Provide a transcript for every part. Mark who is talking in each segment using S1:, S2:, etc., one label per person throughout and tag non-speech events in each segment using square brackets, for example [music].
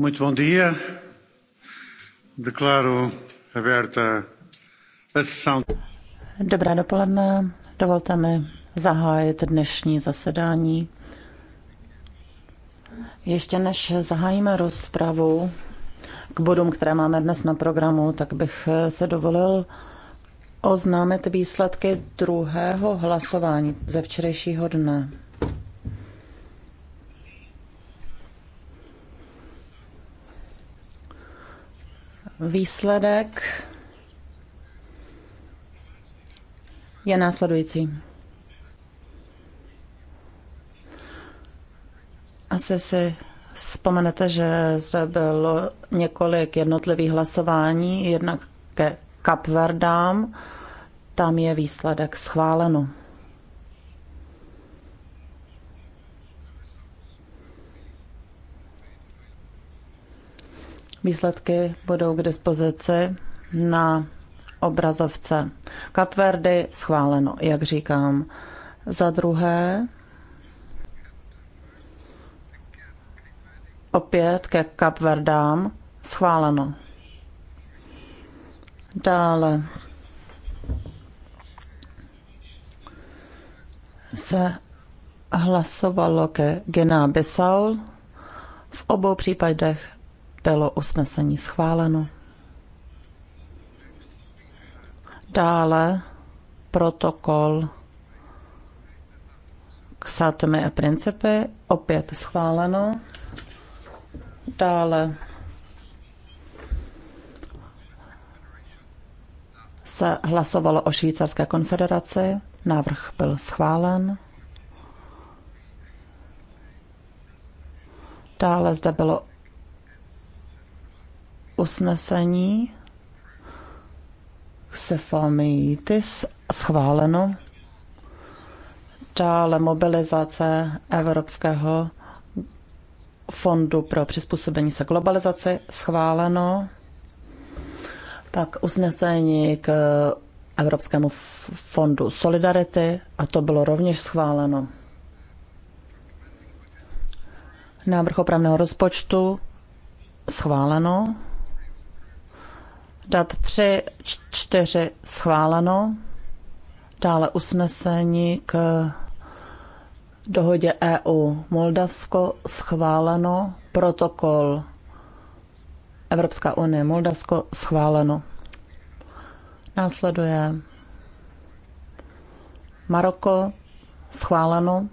S1: Muito bom dia. Declaro aberta a sessão.
S2: Dobré dopoledne. Dovolte mi zahájit dnešní zasedání. Ještě než zahájíme rozpravu k bodům, které máme dnes na programu, tak bych se dovolil oznámit výsledky druhého hlasování ze včerejšího dne. Výsledek je následující. Asi si vzpomenete, že zde bylo několik jednotlivých hlasování, jednak ke Kapverdám, tam je výsledek schváleno. Výsledky budou k dispozici na obrazovce. Kapverdy schváleno, jak říkám. Za druhé, opět ke Kapverdám schváleno. Dále se hlasovalo ke Gená Bissau. V obou případech bylo usnesení schváleno. Dále protokol k Satome a Principy, opět schváleno. Dále se hlasovalo o Švýcarské konfederaci, návrh byl schválen. Dále zde bylo usnesení Xefamitis schváleno. Dále mobilizace Evropského fondu pro přizpůsobení se globalizaci schváleno. Pak usnesení k Evropskému fondu Solidarity a to bylo rovněž schváleno. Návrh opravného rozpočtu schváleno. DAB 3, 4 schváleno, dále usnesení k dohodě EU Moldavsko schváleno, protokol Evropská unie Moldavsko schváleno. Následuje Maroko schváleno.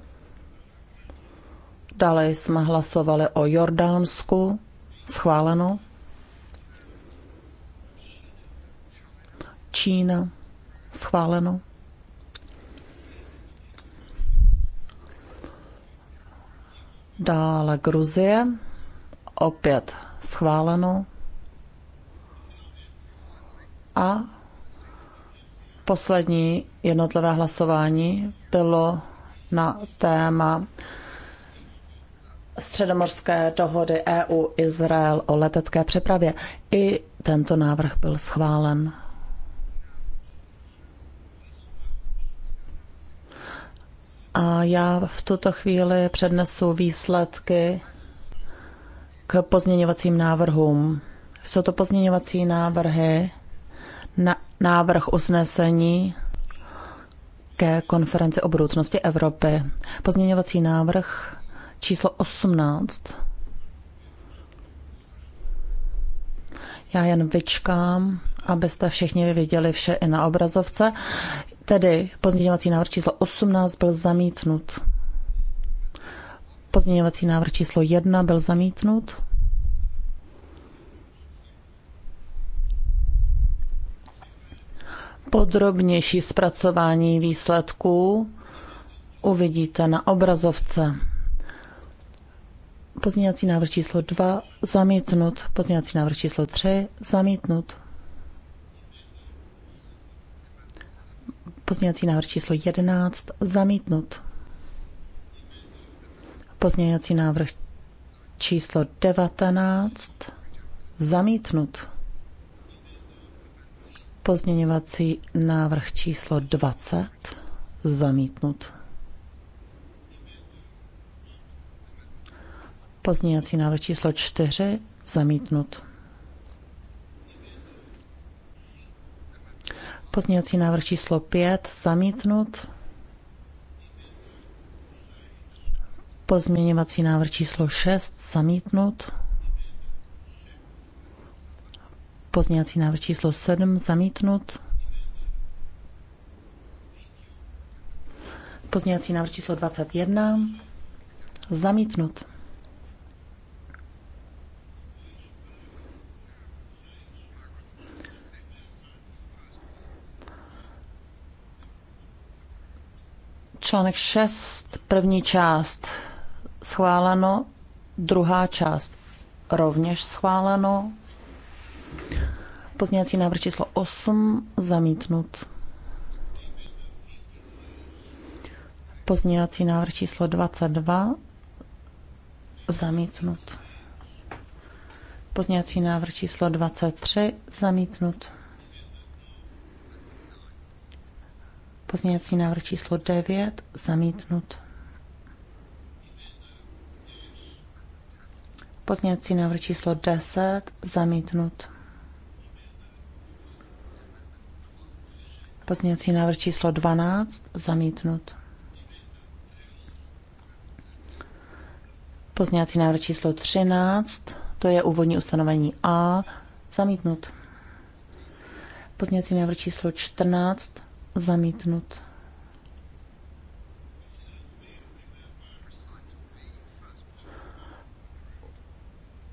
S2: Dále jsme hlasovali o Jordánsku schváleno. Čína. Schváleno. Dále Gruzie. Opět schváleno. A poslední jednotlivé hlasování bylo na téma středomorské dohody EU-Izrael o letecké přepravě. I tento návrh byl schválen A já v tuto chvíli přednesu výsledky k pozměňovacím návrhům. Jsou to pozměňovací návrhy, na, návrh usnesení ke konferenci o budoucnosti Evropy. Pozměňovací návrh číslo 18. Já jen vyčkám, abyste všichni viděli vše i na obrazovce. Tedy pozměňovací návrh číslo 18 byl zamítnut. Pozměňovací návrh číslo 1 byl zamítnut. Podrobnější zpracování výsledků uvidíte na obrazovce. Pozměňovací návrh číslo 2 zamítnut. Pozměňovací návrh číslo 3 zamítnut. Pozměňovací návrh číslo 11 zamítnut. Pozměňovací návrh číslo 19 zamítnut. Pozměňovací návrh číslo 20 zamítnut. Pozměňovací návrh číslo 4 zamítnut. Pozměňovací návrh číslo 5 zamítnut. Pozměňovací návrh číslo 6 zamítnut. Pozměňovací návrh číslo 7 zamítnut. Pozměňovací návrh číslo 21 zamítnut. Článek 6, první část schváleno, druhá část rovněž schváleno. pozněcí návrh číslo 8 zamítnut. Pozněcí návrh číslo 22 zamítnut. Pozněcí návrh číslo 23 zamítnut. Pozměňovací návrh číslo 9 zamítnut. Pozměňovací návrh číslo 10 zamítnut. Pozměňovací návrh číslo 12 zamítnut. Pozměňovací návrh číslo 13, to je úvodní ustanovení A, zamítnut. Pozměňovací návrh číslo 14 Zamítnut.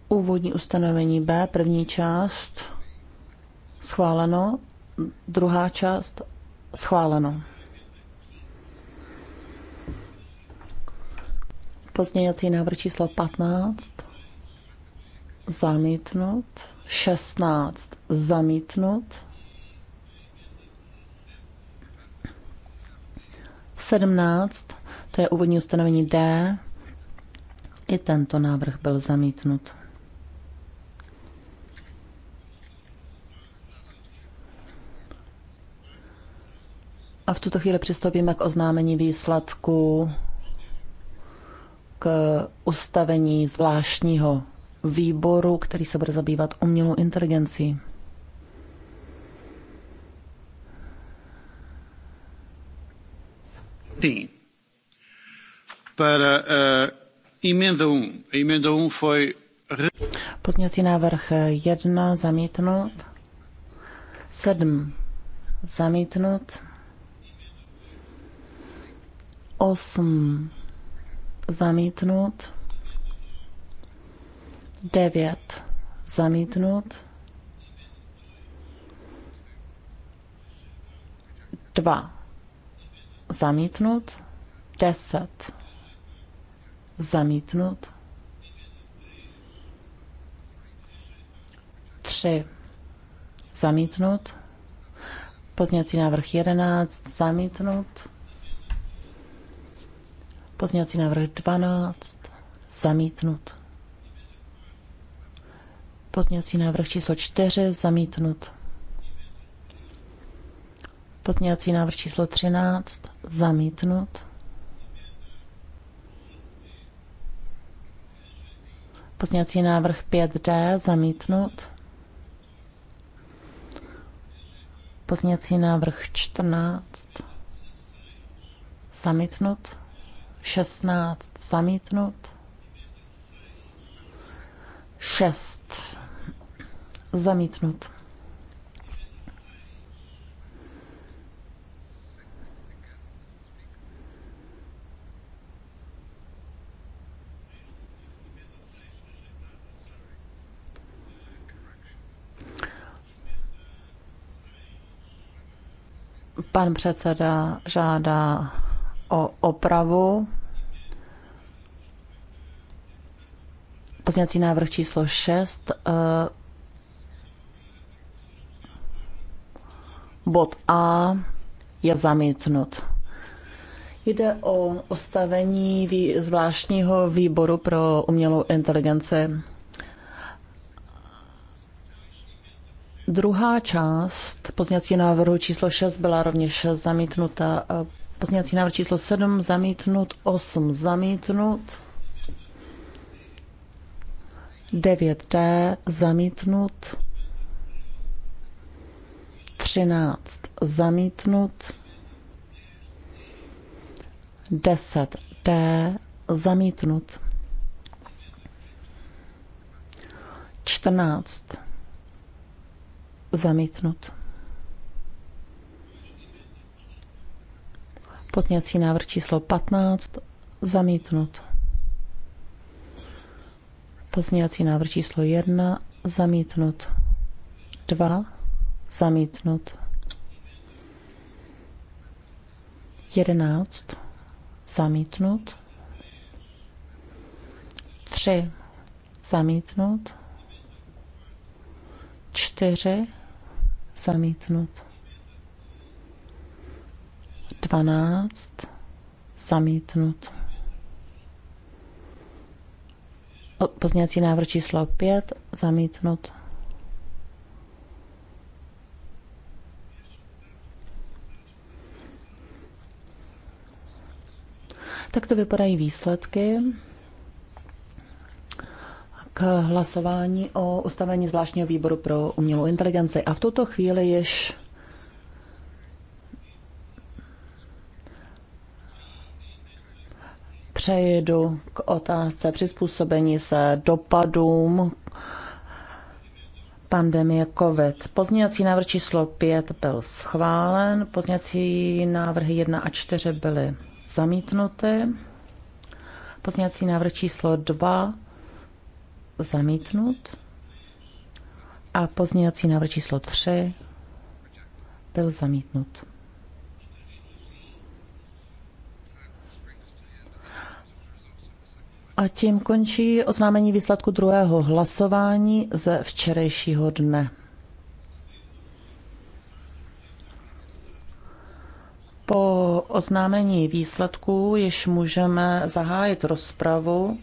S2: Úvodní ustanovení B, první část, schváleno, druhá část, schváleno. Pozměňovací návrh číslo 15, zamítnut, 16, zamítnut, 17, to je úvodní ustanovení D. I tento návrh byl zamítnut. A v tuto chvíli přistoupíme k oznámení výsledku k ustavení zvláštního výboru, který se bude zabývat umělou inteligencí.
S1: Martim. Para eh, um. a emenda 1. A emenda 1 foi...
S2: Pozměňovací návrh 1 zamítnut. 7 zamítnut. 8 zamítnut. 9 zamítnut. 2 zamítnut, deset zamítnut, tři zamítnut, pozněcí návrh jedenáct zamítnut, pozněcí návrh dvanáct zamítnut, pozněcí návrh číslo čtyři zamítnut. Pozměňovací návrh číslo 13 zamítnut. Pozměňovací návrh 5D zamítnut. Pozměňovací návrh 14 zamítnut. 16 zamítnut. 6 zamítnut. Pan předseda žádá o opravu. Pozněcí návrh číslo 6. Eh, bod A je zamítnut. Jde o ustavení zvláštního výboru pro umělou inteligenci Druhá část pozněcí návrhu číslo 6 byla rovněž zamítnuta. Pozněcí návrh číslo 7 zamítnut, 8 zamítnut, 9D zamítnut, 13 zamítnut, 10D zamítnut, 14 Zamítnut. Pozněcí návrh číslo 15. Zamítnut. Pozněcí návrh číslo 1. Zamítnut. 2. Zamítnut. 11. Zamítnut. 3. Zamítnut. 4 zamítnut. 12, zamítnut. Pozněcí návrh číslo 5, zamítnut. Tak to vypadají výsledky k hlasování o ustavení zvláštního výboru pro umělou inteligenci. A v tuto chvíli již přejdu k otázce přizpůsobení se dopadům pandemie COVID. Pozměňovací návrh číslo 5 byl schválen, pozměňovací návrhy 1 a 4 byly zamítnuty. Pozměňovací návrh číslo 2 zamítnut a pozměňovací návrh číslo 3 byl zamítnut. A tím končí oznámení výsledku druhého hlasování ze včerejšího dne. Po oznámení výsledků již můžeme zahájit rozpravu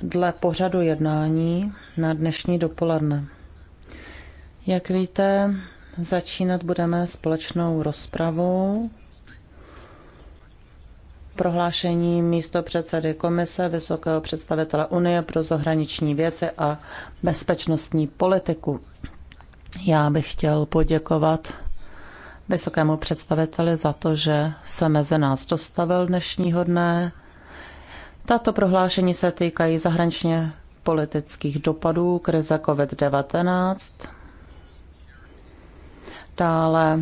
S2: dle pořadu jednání na dnešní dopoledne. Jak víte, začínat budeme společnou rozpravou prohlášení místo předsedy Komise Vysokého představitele Unie pro zahraniční věci a bezpečnostní politiku. Já bych chtěl poděkovat vysokému představiteli za to, že se mezi nás dostavil dnešního dne. Tato prohlášení se týkají zahraničně politických dopadů krize COVID-19. Dále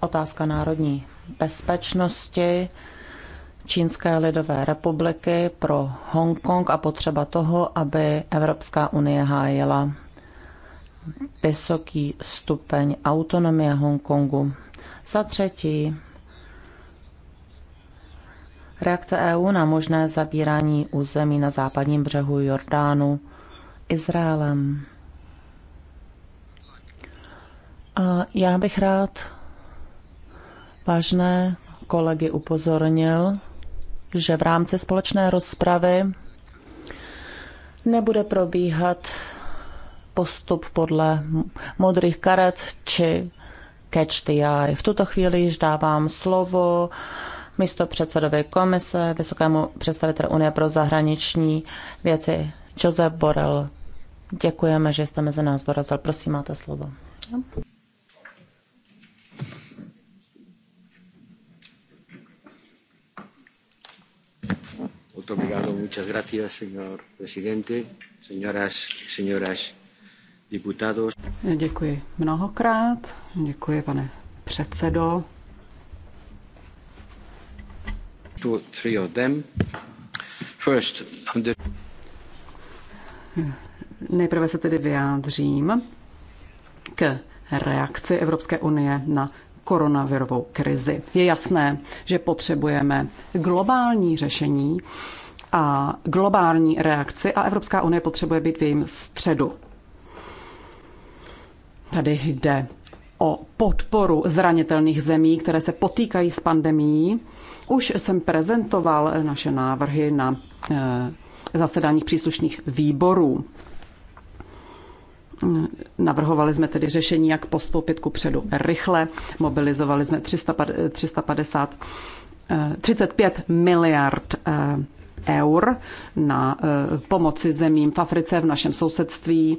S2: otázka národní bezpečnosti Čínské lidové republiky pro Hongkong a potřeba toho, aby Evropská unie hájila vysoký stupeň autonomie Hongkongu. Za třetí, Reakce EU na možné zabírání území na západním břehu Jordánu Izraelem. A já bych rád vážné kolegy upozornil, že v rámci společné rozpravy nebude probíhat postup podle modrých karet či catch the eye. V tuto chvíli již dávám slovo místo předsedovi komise, vysokému představiteli Unie pro zahraniční věci Josep Borel. Děkujeme, že jste mezi nás dorazil. Prosím, máte slovo.
S1: obrigado, muchas gracias, señor presidente, señoras y señores diputados.
S3: Děkuji mnohokrát, děkuji pane předsedo,
S1: three of them. First, the...
S3: Nejprve se tedy vyjádřím k reakci Evropské unie na koronavirovou krizi. Je jasné, že potřebujeme globální řešení a globální reakci a Evropská unie potřebuje být v jejím středu. Tady jde o podporu zranitelných zemí, které se potýkají s pandemí už jsem prezentoval naše návrhy na eh, zasedáních příslušných výborů. Navrhovali jsme tedy řešení, jak postoupit ku předu rychle. Mobilizovali jsme 350, 35 eh, eh, miliard eur na pomoci zemím v Africe, v našem sousedství,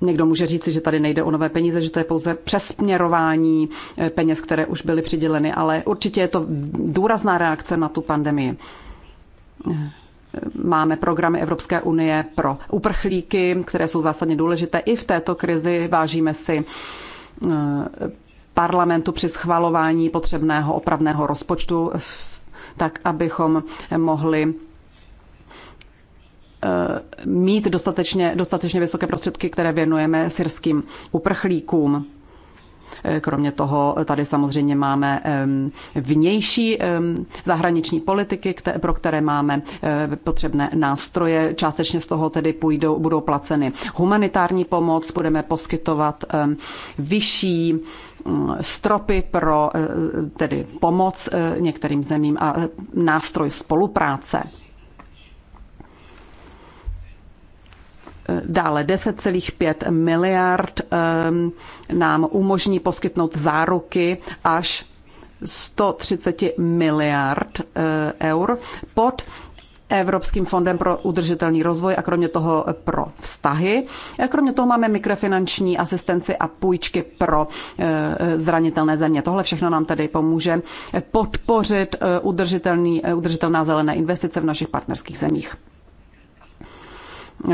S3: Někdo může říci, že tady nejde o nové peníze, že to je pouze přesměrování eh, peněz, které už byly přiděleny, ale určitě je to důrazná reakce na tu pandemii. Eh, máme programy Evropské unie pro uprchlíky, které jsou zásadně důležité. I v této krizi vážíme si eh, parlamentu při schvalování potřebného opravného rozpočtu, tak abychom mohli Eh, mít dostatečně, dostatečně vysoké prostředky, které věnujeme syrským uprchlíkům. Eh, kromě toho eh, tady samozřejmě máme vnější zahraniční politiky, pro které máme potřebné nástroje. Částečně z toho tedy půjdou, budou placeny humanitární pomoc, budeme poskytovat vyšší mm, stropy pro tedy pomoc některým zemím a nástroj spolupráce. Dále 10,5 miliard ehm, nám umožní poskytnout záruky až 130 miliard eh, eur pod Evropským fondem pro udržitelný rozvoj a kromě toho pro vztahy. Eh, kromě toho máme mikrofinanční asistenci a půjčky pro eh, zranitelné země. Tohle všechno nám tedy pomůže podpořit udržitelný, udržitelná zelené investice v našich partnerských zemích.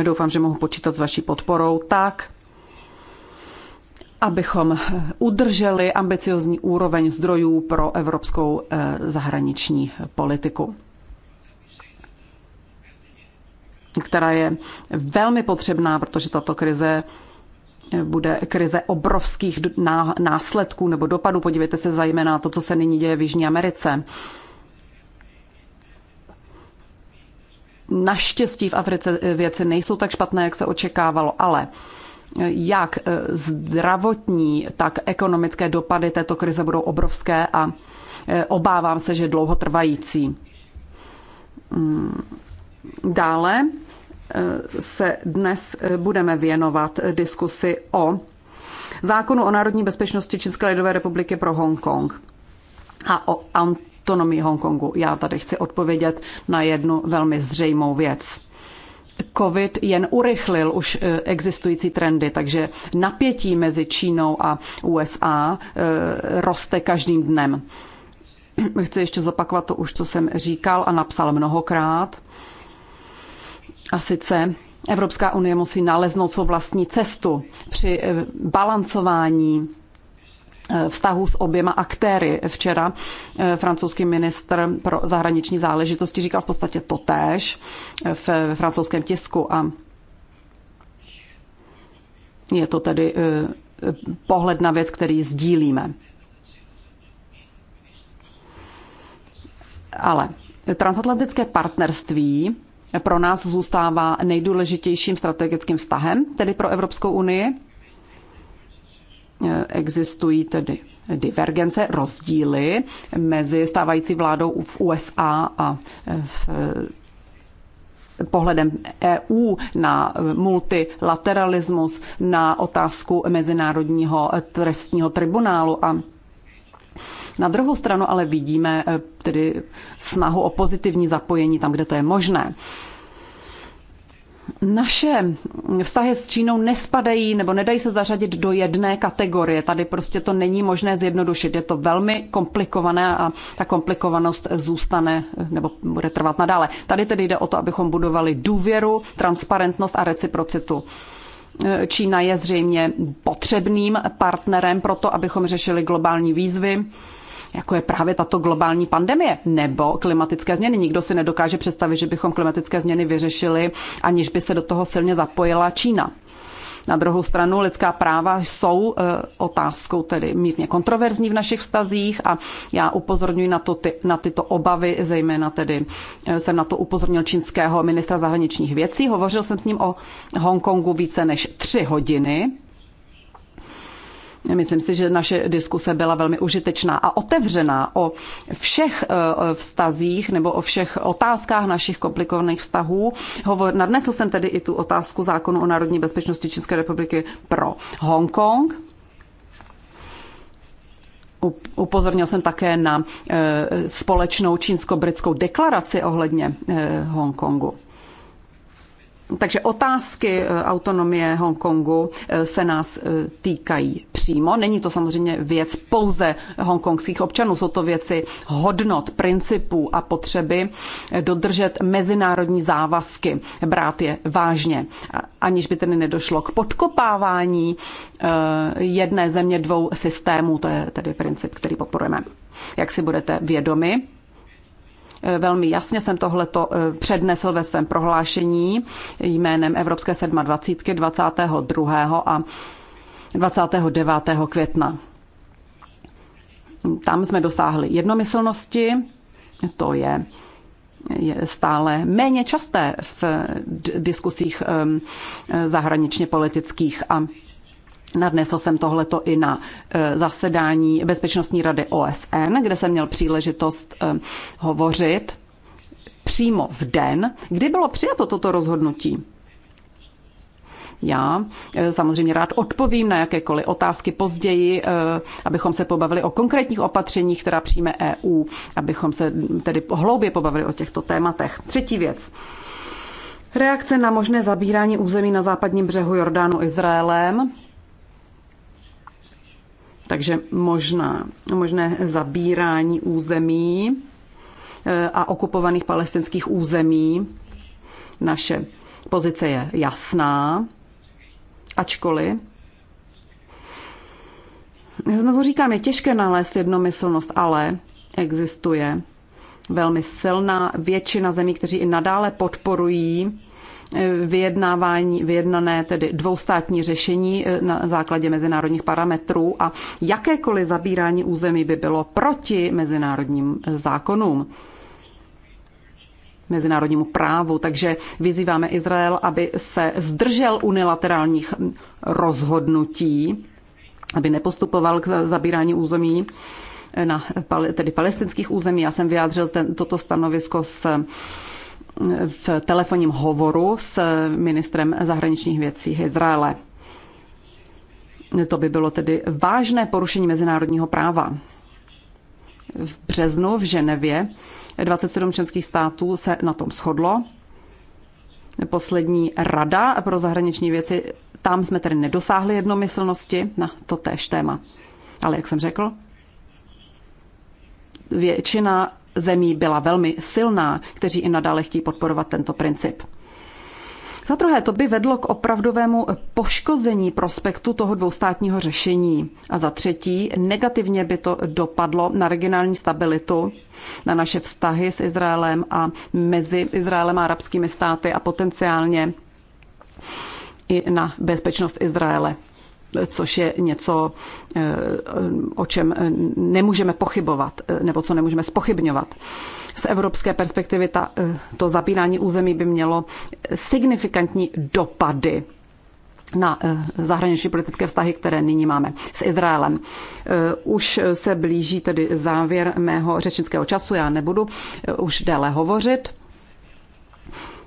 S3: Doufám, že mohu počítat s vaší podporou tak, abychom udrželi ambiciozní úroveň zdrojů pro evropskou eh, zahraniční politiku která je velmi potřebná, protože tato krize eh, bude krize obrovských následků nebo dopadů. Podívejte se zejména na to, co se nyní děje v Jižní Americe. Naštěstí v Africe eh, věci nejsou tak špatné, jak se očekávalo, ale eh, jak eh, zdravotní, tak ekonomické dopady této krize budou obrovské a obávám se, že dlouho trvající. Mm, dále se dnes budeme věnovat diskusi o zákonu o národní bezpečnosti České lidové republiky pro Hongkong a o anti autonomii Hongkongu. Já tady chci odpovědět na jednu velmi zřejmou věc. COVID jen urychlil už eh, existující trendy, takže napětí mezi Čínou a USA eh, roste každým dnem. [clears throat] Chci ještě zopakovat to už, co jsem říkal a napsal mnohokrát. A sice Evropská unie musí naleznout svou vlastní cestu při eh, balancování Eh, vztahu s oběma aktéry. Včera eh, francouzský ministr pro zahraniční záležitosti říkal v podstatě totéž eh, ve francouzském tisku a je to tedy pohled na věc, který sdílíme. Ale transatlantické partnerství pro nás zůstává nejdůležitějším strategickým vztahem, tedy pro Evropskou unii existují tedy divergence, rozdíly mezi stávající vládou v USA a e, v e, pohledem EU na multilateralismus, na otázku Mezinárodního trestního tribunálu a na druhou stranu ale vidíme e, tedy snahu o pozitivní zapojení tam, kde to je možné naše vztahy s Čínou nespadají nebo nedají se zařadit do jedné kategorie. Tady prostě to není možné zjednodušit. Je to velmi komplikované a ta komplikovanost zůstane nebo bude trvat nadále. Tady tedy jde o to, abychom budovali důvěru, transparentnost a reciprocitu. Čína je zřejmě potřebným partnerem pro to, abychom řešili globální výzvy jako je právě tato globální pandemie nebo klimatické změny. Nikdo si nedokáže představit, že bychom klimatické změny vyřešili, aniž by se do toho silně zapojila Čína. Na druhou stranu lidská práva jsou eh, otázkou tedy mírně kontroverzní v našich vztazích a já upozorňuji na, to ty, na tyto obavy, zejména tedy eh, jsem na to upozornil čínského ministra zahraničních věcí. Hovořil jsem s ním o Hongkongu více než tři hodiny Myslím si, že naše diskuse byla velmi užitečná a otevřená o všech eh, eh, vztazích nebo o všech otázkách našich komplikovaných vztahů. nadnesl jsem tedy i tu otázku zákonu o národní bezpečnosti České republiky pro Hongkong. Upozornil jsem také na eh, společnou čínsko-britskou deklaraci ohledně Hongkongu. Takže otázky e, autonomie Hongkongu e, se nás e, týkají přímo. Není to samozřejmě věc pouze hongkongských občanů, jsou to věci hodnot, principů a potřeby dodržet mezinárodní závazky, brát je vážně, aniž by tedy nedošlo k podkopávání jedné země dvou systémů. To je tedy princip, který podporujeme. Jak si budete vědomi, Eh, velmi jasně jsem tohleto eh, přednesl ve svém prohlášení jménem Evropské 27. 22. a 29. května. Tam jsme dosáhli jednomyslnosti, to je je stále méně časté v diskusích ehm, eh, zahraničně politických a Nadnesl jsem tohleto i na e, zasedání Bezpečnostní rady OSN, kde jsem měl příležitost e, hovořit přímo v den, kdy bylo přijato toto rozhodnutí. Já e, samozřejmě rád odpovím na jakékoliv otázky později, abychom se pobavili o konkrétních opatřeních, která přijme EU, abychom se tedy hloubě pobavili o těchto tématech. Třetí věc. Reakce na možné zabírání území na západním břehu Jordánu Izraelem. Takže možná, možné zabírání území eh, a okupovaných palestinských území. Naše pozice je jasná, ačkoliv Znovu říkám, je těžké nalézt jednomyslnost, ale existuje velmi silná většina zemí, kteří i nadále podporují vyjednávání, vyjednané tedy dvoustátní řešení e, na základě mezinárodních parametrů a jakékoliv zabírání území by bylo proti mezinárodním e, zákonům mezinárodnímu právu. Takže vyzýváme Izrael, aby se zdržel unilaterálních rozhodnutí, aby nepostupoval k zabírání území e, na tedy palestinských území. Já jsem vyjádřil ten, toto stanovisko s v telefonním hovoru s ministrem zahraničních věcí Izraele. To by bylo tedy vážné porušení mezinárodního práva. V březnu v Ženevě 27 členských států se na tom shodlo. Poslední rada pro zahraniční věci, tam jsme tedy nedosáhli jednomyslnosti na to též téma. Ale jak jsem řekl, většina zemí byla velmi silná, kteří i nadále chtějí podporovat tento princip. Za druhé, to by vedlo k opravdovému poškození prospektu toho dvoustátního řešení. A za třetí, negativně by to dopadlo na regionální stabilitu, na naše vztahy s Izraelem a mezi Izraelem a arabskými státy a potenciálně i na bezpečnost Izraele což je něco, eh, o čem eh, nemůžeme pochybovat, eh, nebo co nemůžeme spochybňovat. Z evropské perspektivy ta, to zapínání území by mělo signifikantní dopady na zahraniční politické vztahy, které nyní máme s Izraelem. Už se blíží tedy závěr mého řečnického času, já nebudu už déle hovořit.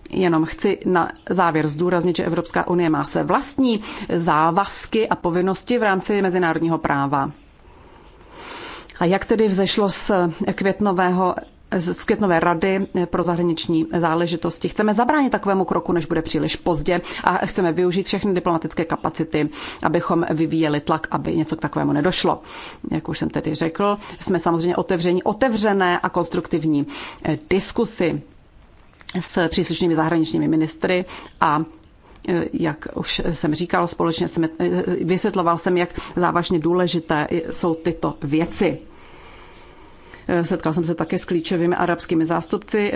S3: Jenom chci na závěr zdůraznit, že Evropská unie má své vlastní závazky a povinnosti v rámci mezinárodního práva. A jak tedy vzešlo z květnového z květnové rady pro zahraniční záležitosti. Chceme zabránit takovému kroku, než bude příliš pozdě a chceme využít všechny diplomatické kapacity, abychom vyvíjeli tlak, aby něco k takovému nedošlo. Jak už jsem tedy řekl, jsme samozřejmě otevření, otevřené a konstruktivní diskusy s příslušnými zahraničními ministry a e, jak už jsem říkal, společně jsem, e, vysvětloval jsem, jak závažně důležité jsou tyto věci. E, setkal jsem se také s klíčovými arabskými zástupci,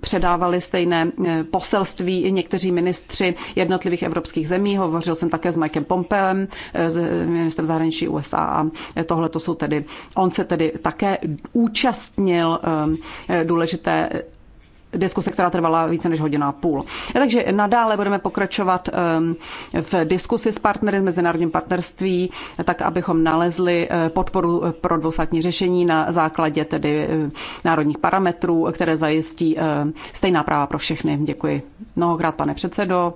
S3: předávali stejné poselství někteří ministři jednotlivých evropských zemí. Hovořil jsem také s Mikem Pompeem, s ministrem zahraničí USA a tohle to jsou tedy, on se tedy také účastnil důležité diskuse, která trvala více než hodina a půl. E, takže nadále budeme pokračovat v diskusi s partnery v mezinárodním partnerství, tak abychom nalezli e, podporu pro dvousatní řešení na základě tedy e, národních parametrů, které zajistí stejná práva pro všechny. Děkuji mnohokrát, pane předsedo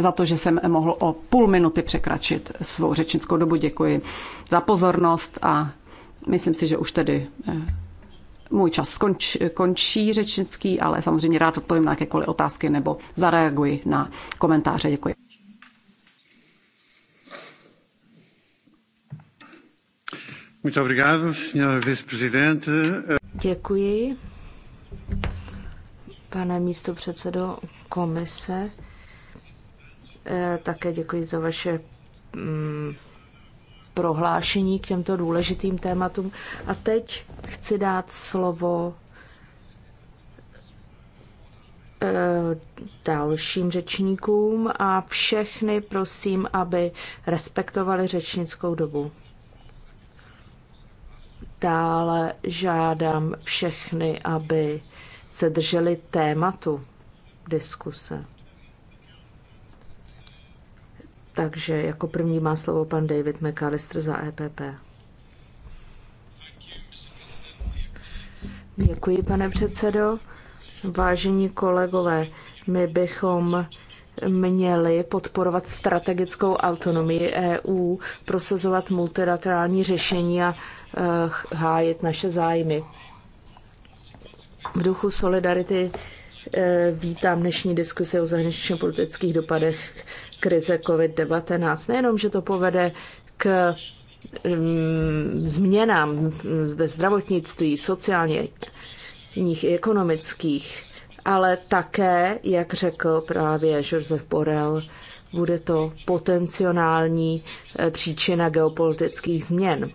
S3: za to, že jsem mohl o půl minuty překračit svou řečnickou dobu. Děkuji za pozornost a myslím si, že už tedy můj čas skonč, končí řečnický, ale samozřejmě rád odpovím na jakékoliv otázky nebo zareaguji na komentáře. Děkuji.
S1: Děkuji,
S4: pane místo předsedo komise. E, také děkuji za vaše mm, prohlášení k těmto důležitým tématům. A teď chci dát slovo eh, dalším řečníkům a všechny prosím, aby respektovali řečnickou dobu. Dále žádám všechny, aby se drželi tématu diskuse. Takže jako první má slovo pan David McAllister za EPP. Děkuji, pane předsedo. Vážení kolegové, my bychom měli podporovat strategickou autonomii EU, prosazovat multilaterální řešení a eh, hájit naše zájmy. V duchu solidarity Eh, vítám dnešní diskusi o zahraničně politických dopadech krize COVID-19. Nejenom, že to povede k mm, změnám ve zdravotnictví, sociálních i ekonomických, ale také, jak řekl právě Josef Borel, bude to potenciální eh, příčina geopolitických změn.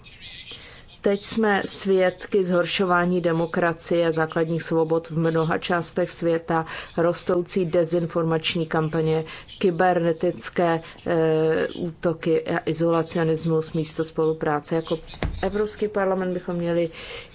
S4: Teď jsme svědky zhoršování demokracie a základních svobod v mnoha částech světa, rostoucí dezinformační kampaně, kybernetické e, útoky a izolacionismus místo spolupráce. Jako Evropský parlament bychom měli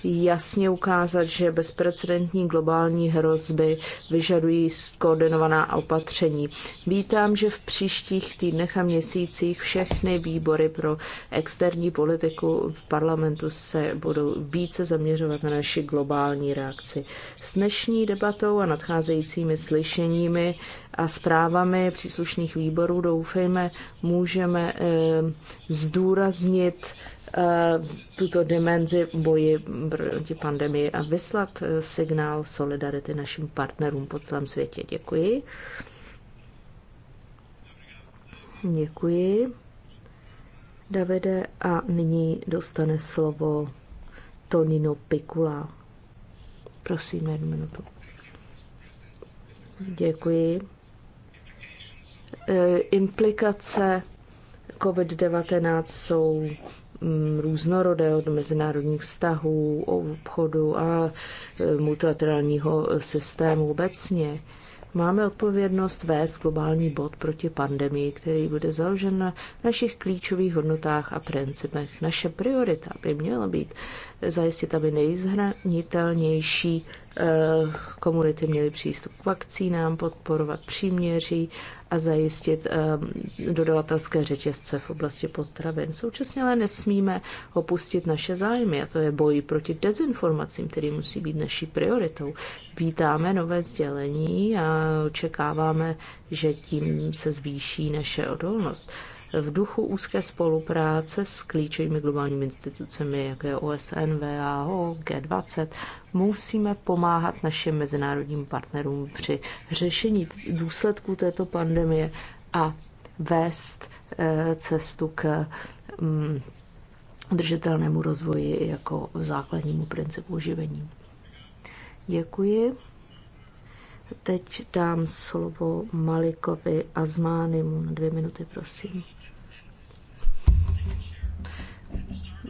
S4: jasně ukázat, že bezprecedentní globální hrozby vyžadují skoordinovaná opatření. Vítám, že v příštích týdnech a měsících všechny výbory pro externí politiku v parlamentu se budou více zaměřovat na naši globální reakci. S dnešní debatou a nadcházejícími slyšeními a zprávami příslušných výborů doufejme, můžeme eh, zdůraznit Eh, tuto dimenzi boji proti pandemii a vyslat eh, signál solidarity našim partnerům po celém světě. Děkuji. Děkuji. Davide a nyní dostane slovo Tonino Pikula. Prosím, jednu minutu. Děkuji. Eh, implikace COVID-19 jsou Mm, různorodé od mezinárodních vztahů, obchodu a e, multilaterálního e, systému obecně. Máme odpovědnost vést globální bod proti pandemii, který bude založen na našich klíčových hodnotách a principech. Naše priorita by měla být zajistit, aby nejzranitelnější Eh, komunity měly přístup k vakcínám, podporovat příměří a zajistit eh, dodavatelské řetězce v oblasti potravin. Současně ale nesmíme opustit naše zájmy a to je boj proti dezinformacím, který musí být naší prioritou. Vítáme nové sdělení a očekáváme, že tím se zvýší naše odolnost v duchu úzké spolupráce s klíčovými globálními institucemi, jako je OSN, VAO, G20, musíme pomáhat našim mezinárodním partnerům při řešení důsledků této pandemie a vést eh, cestu k mm, udržitelnému rozvoji jako základnímu principu uživení. Děkuji. Teď dám slovo Malikovi Azmánimu na dvě minuty, prosím.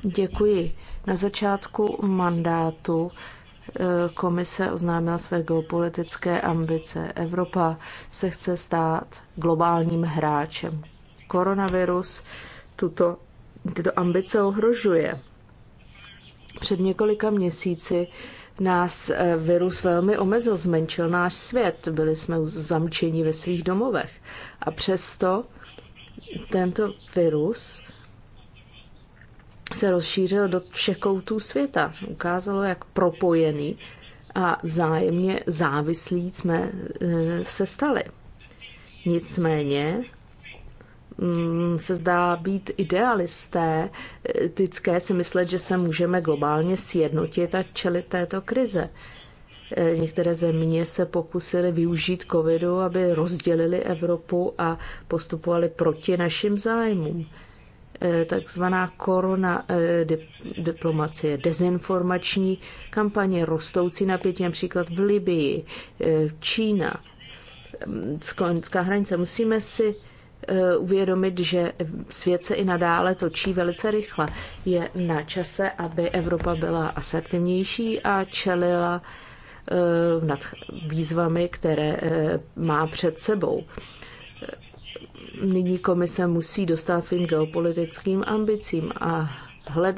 S4: Děkuji. Na začátku mandátu eh, komise oznámila své geopolitické ambice. Evropa se chce stát globálním hráčem. Koronavirus tuto, tyto ambice ohrožuje. Před několika měsíci nás eh, virus velmi omezil, zmenšil náš svět. Byli jsme zamčeni ve svých domovech. A přesto tento virus se rozšířil do všech koutů světa. Ukázalo, jak propojený a vzájemně závislí jsme e, se stali. Nicméně mm, se zdá být idealisté, e, tické si myslet, že se můžeme globálně sjednotit a čelit této krize. E, některé země se pokusily využít covidu, aby rozdělili Evropu a postupovali proti našim zájmům. Eh, takzvaná korona eh, diplomacie, dezinformační kampaně, rostoucí napětí například v Libii, eh, Čína, mm, skonská hranice. Musíme si uvědomit, že svět se i nadále točí velice rychle. Je na čase, aby Evropa byla asertivnější a čelila nad výzvami, které má před sebou nyní komise musí dostat svým geopolitickým ambicím a hled,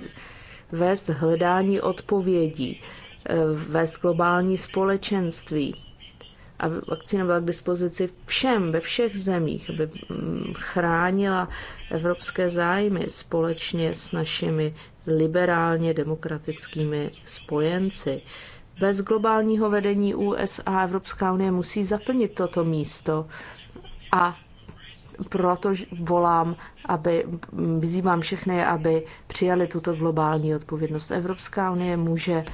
S4: vést hledání odpovědí, eh, vést globální společenství, a vakcína byla k dispozici všem, ve všech zemích, aby mm, chránila evropské zájmy společně s našimi liberálně demokratickými spojenci. Bez globálního vedení USA Evropská unie musí zaplnit toto místo a proto volám, aby vyzývám všechny, aby přijali tuto globální odpovědnost. Evropská unie může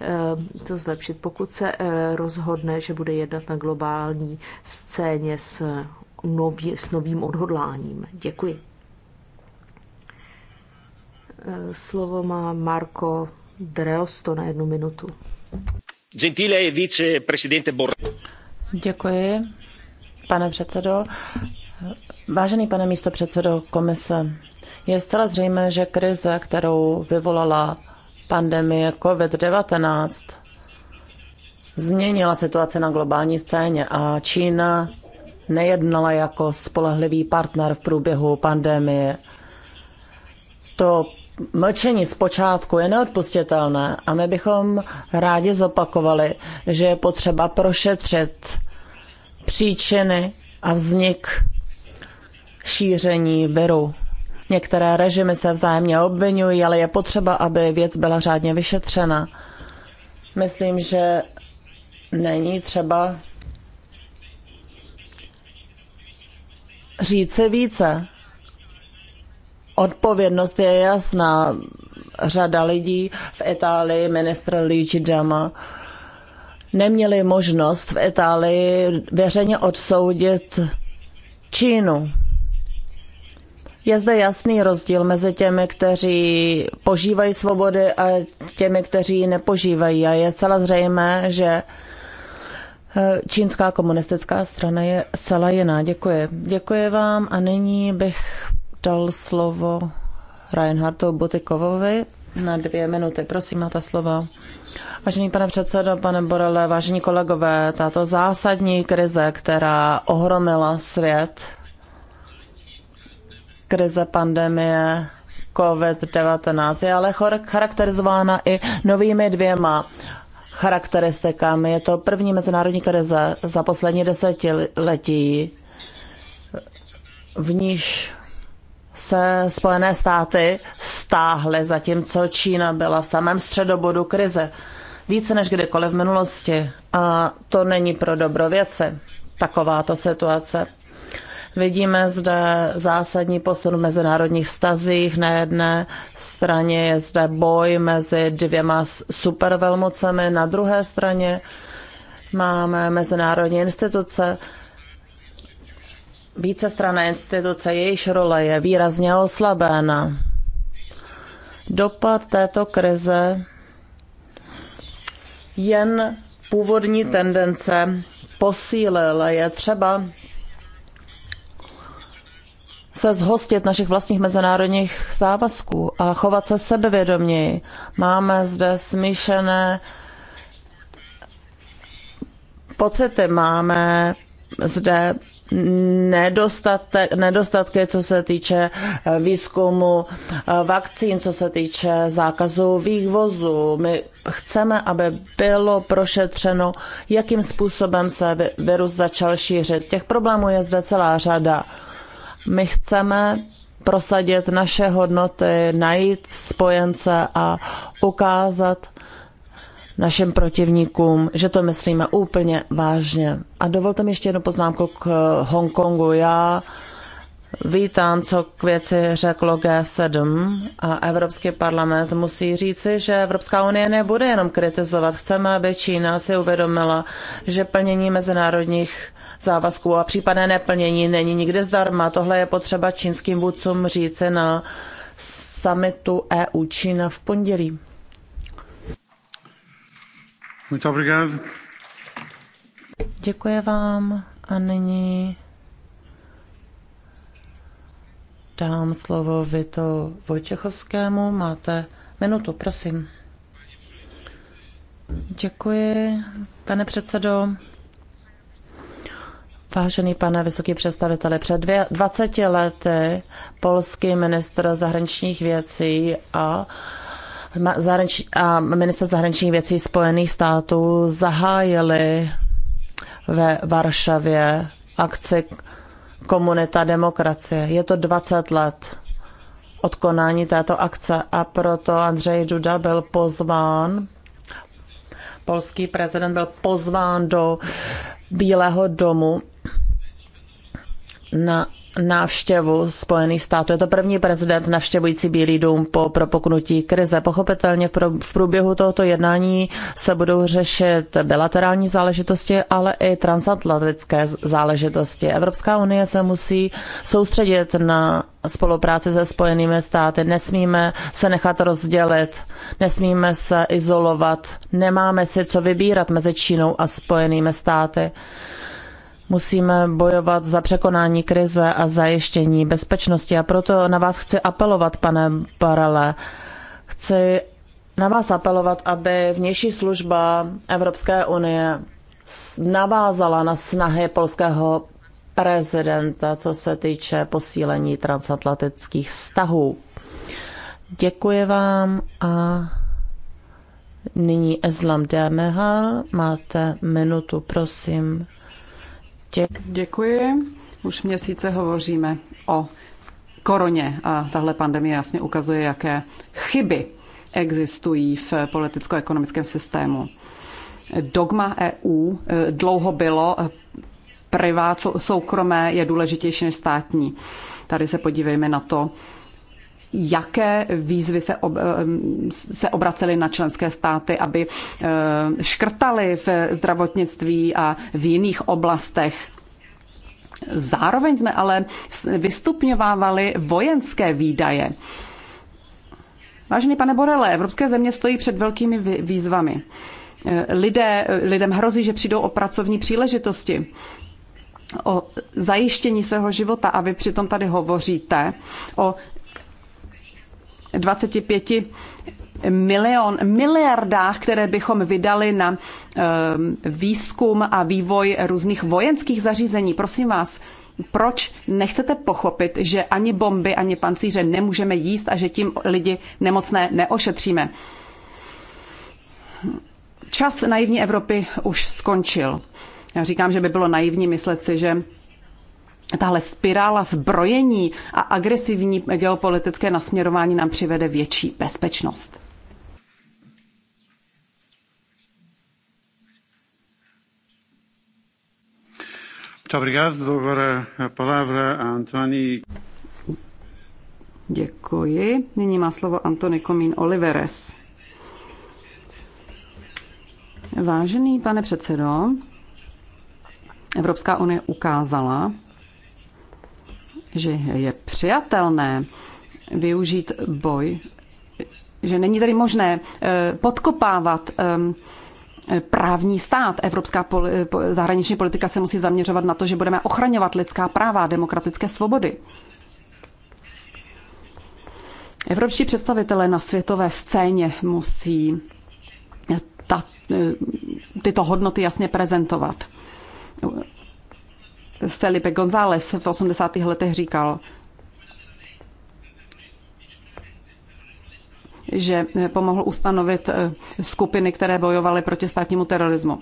S4: eh, to zlepšit, pokud se eh, rozhodne, že bude jednat na globální scéně s, nový, s novým odhodláním. Děkuji. Eh, slovo má Marko Dreosto na jednu minutu.
S3: Gentile viceprezidente Borrell.
S4: Děkuji,
S2: pane předsedo. Vážený pane místo předsedo komise, je zcela zřejmé, že krize, kterou vyvolala pandemie COVID-19, změnila situaci na globální scéně a Čína nejednala jako spolehlivý partner v průběhu pandemie. To mlčení zpočátku je neodpustitelné a my bychom rádi zopakovali, že je potřeba prošetřit příčiny a vznik šíření viru. Některé režimy se vzájemně obvinují, ale je potřeba, aby věc byla řádně vyšetřena. Myslím, že není třeba říci více. Odpovědnost je jasná. Řada lidí v Itálii, ministr Luigi Dama, neměli možnost v Itálii veřejně odsoudit Čínu. Je zde jasný rozdíl mezi těmi, kteří požívají svobody a těmi, kteří ji nepožívají. A je zcela zřejmé, že eh, čínská komunistická strana je zcela jiná. Děkuji. Děkuji vám a nyní bych dal slovo Reinhardu Butikovovi na dvě minuty. Prosím, máte slovo. Vážený pane předsedo, pane Borele, vážení kolegové, tato zásadní krize, která ohromila svět, krize pandemie COVID-19, je ale charakterizována i novými dvěma charakteristikami. Je to první mezinárodní krize za poslední desetiletí, v níž se Spojené státy stáhly, zatímco Čína byla v samém středobodu krize. Více než kdykoliv v minulosti. A to není pro dobro věci, takováto situace. Vidíme zde zásadní posun v mezinárodních vztazích. Na jedné straně je zde boj mezi dvěma supervelmocemi, na druhé straně máme mezinárodní instituce, vícestrané instituce, jejíž role je výrazně oslabéna. Dopad této krize jen původní tendence posílil. Je třeba se zhostit našich vlastních mezinárodních závazků a chovat se sebevědoměji. Máme zde smíšené pocity, máme zde nedostatek, nedostatky, co se týče eh, výzkumu eh, vakcín, co se týče zákazu vývozu. My chceme, aby bylo prošetřeno, jakým způsobem se virus začal šířit. Těch problémů je zde celá řada. My chceme prosadit naše hodnoty, najít spojence a ukázat našim protivníkům, že to myslíme úplně vážně. A dovolte mi ještě jednu poznámku k Hongkongu. Já vítám, co k věci řeklo G7 a Evropský parlament musí říci, že Evropská unie nebude jenom kritizovat. Chceme, aby Čína si uvědomila, že plnění mezinárodních závazků a případné neplnění není nikde zdarma. Tohle je potřeba čínským vůdcům říci na summitu EU Čína v pondělí. Muito obrigado. Děkuji vám a nyní dám slovo Vito Vojčechovskému. Máte minutu, prosím. Děkuji, pane předsedo. Vážený pane vysoký představiteli, před dvě, 20 lety polský ministr zahraničních věcí a a minister zahraničních věcí Spojených států zahájili ve Varšavě akci Komunita demokracie. Je to 20 let od konání této akce a proto Andřej Duda byl pozván, polský prezident byl pozván do Bílého domu na návštěvu Spojených států. Je to první prezident navštěvující Bílý dům po propuknutí krize. Pochopitelně v průběhu tohoto jednání se budou řešit bilaterální záležitosti, ale i transatlantické záležitosti. Evropská unie se musí soustředit na spolupráci se Spojenými státy. Nesmíme se nechat rozdělit, nesmíme se izolovat, nemáme si co vybírat mezi Čínou a Spojenými státy. Musíme bojovat za překonání krize a zajištění bezpečnosti. A proto na vás chci apelovat, pane Barele. Chci na vás apelovat, aby vnější služba Evropské unie navázala na snahy polského prezidenta, co se týče posílení transatlantických vztahů. Děkuji vám a nyní Eslam
S3: Demehal. Máte minutu, prosím. Děkuji. Už měsíce hovoříme o koroně a tahle pandemie jasně ukazuje, jaké chyby existují v politicko-ekonomickém systému. Dogma EU eh, dlouho bylo eh, privát, soukromé je důležitější než státní. Tady se podívejme na to, jaké výzvy se, ob, eh, se obracely na členské státy, aby eh, škrtali v zdravotnictví a v jiných oblastech. Zároveň jsme ale vystupňovávali vojenské výdaje. Vážený pane Borele, evropské země stojí před velkými výzvami. Eh, lidé, lidem hrozí, že přijdou o pracovní příležitosti, o zajištění svého života a vy přitom tady hovoříte o 25 milion, miliardách, které bychom vydali na eh, výzkum a vývoj různých vojenských zařízení. Prosím vás, proč nechcete pochopit, že ani bomby, ani pancíře nemůžeme jíst a že tím lidi nemocné neošetříme? Čas naivní Evropy už skončil. Já říkám, že by bylo naivní myslet si, že tahle spirála zbrojení a agresivní geopolitické nasměrování nám přivede větší bezpečnost. Děkuji. Nyní má slovo Antony Komín Oliveres. Vážený pane předsedo, Evropská unie ukázala, že je přijatelné využít boj, že není tady možné eh, podkopávat ehm, právní stát. Evropská poli- zahraniční politika se musí zaměřovat na to, že budeme ochraňovat lidská práva a demokratické svobody. Evropští představitelé na světové scéně musí ta, eh, tyto hodnoty jasně prezentovat. Felipe González v 80. letech říkal, že pomohl ustanovit eh, skupiny, které bojovaly proti státnímu terorismu.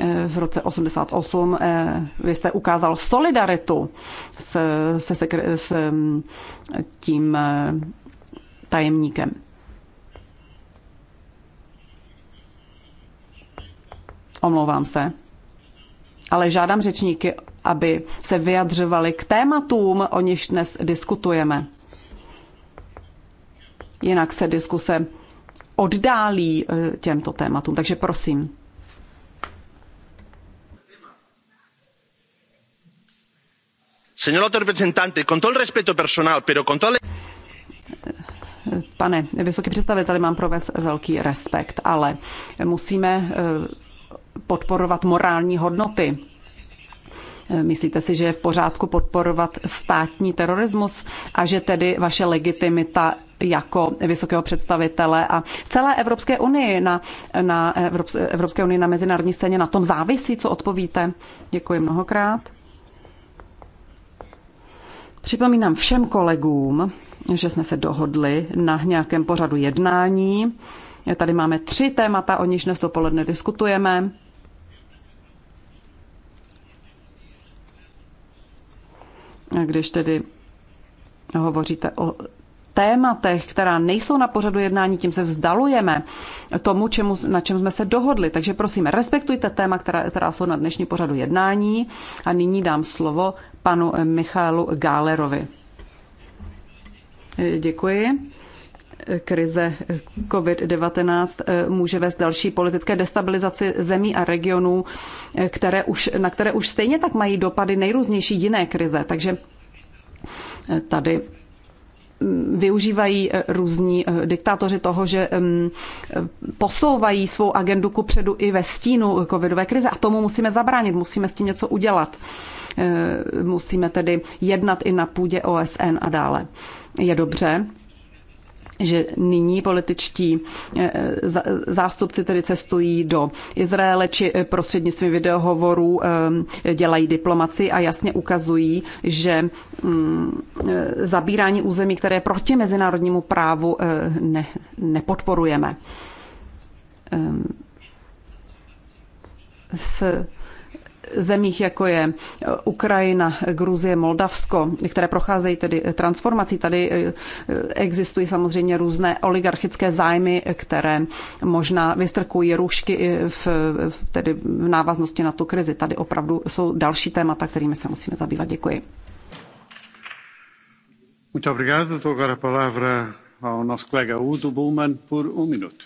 S3: Eh, v roce 88 eh, vy jste ukázal solidaritu s, se, s mm, tím tajemníkem. Omlouvám se. Ale žádám řečníky aby se vyjadřovali k tématům, o nichž dnes diskutujeme. Jinak se diskuse oddálí eh, těmto tématům. Takže prosím. Pane vysoký představiteli, mám pro vás velký respekt, ale musíme eh, podporovat morální hodnoty. Eh, myslíte si, že je v pořádku podporovat státní terorismus a že tedy vaše legitimita jako vysokého představitele a celé Evropské unii na, na Evropské unii na mezinárodní scéně na tom závisí, co odpovíte. Děkuji mnohokrát. Připomínám všem kolegům, že jsme se dohodli na nějakém pořadu jednání. Tady máme tři témata, o níž dnes dopoledne diskutujeme. když tedy hovoříte o tématech, která nejsou na pořadu jednání, tím se vzdalujeme tomu, čemu, na čem jsme se dohodli. Takže prosím, respektujte téma, která, která jsou na dnešní pořadu jednání. A nyní dám slovo panu Michalu Gálerovi. Děkuji krize COVID-19 eh, může vést další politické destabilizaci zemí a regionů, eh, které už, na které už stejně tak mají dopady nejrůznější jiné krize. Takže eh, tady mm, využívají různí diktátoři toho, že mm, posouvají svou agendu ku předu i ve stínu covidové krize a tomu musíme zabránit, musíme s tím něco udělat. Musíme tedy jednat i na půdě OSN a dále. Je dobře, že nyní političtí eh, zástupci tedy cestují do Izraele či eh, prostřednictvím videohovorů eh, dělají diplomaci a jasně ukazují, že mm, zabírání území, které proti mezinárodnímu právu ne, nepodporujeme. Ehm, v zemích, jako je e, Ukrajina, Gruzie, Moldavsko, které procházejí tedy e, transformací. Tady e, existují samozřejmě různé oligarchické zájmy, které možná vystrkují růžky v, tedy v návaznosti na tu krizi. Tady opravdu jsou další témata, kterými se musíme zabývat. Děkuji.
S1: Muito obrigado. Estou agora a palavra ao nosso colega Udo Bullmann por um minuto.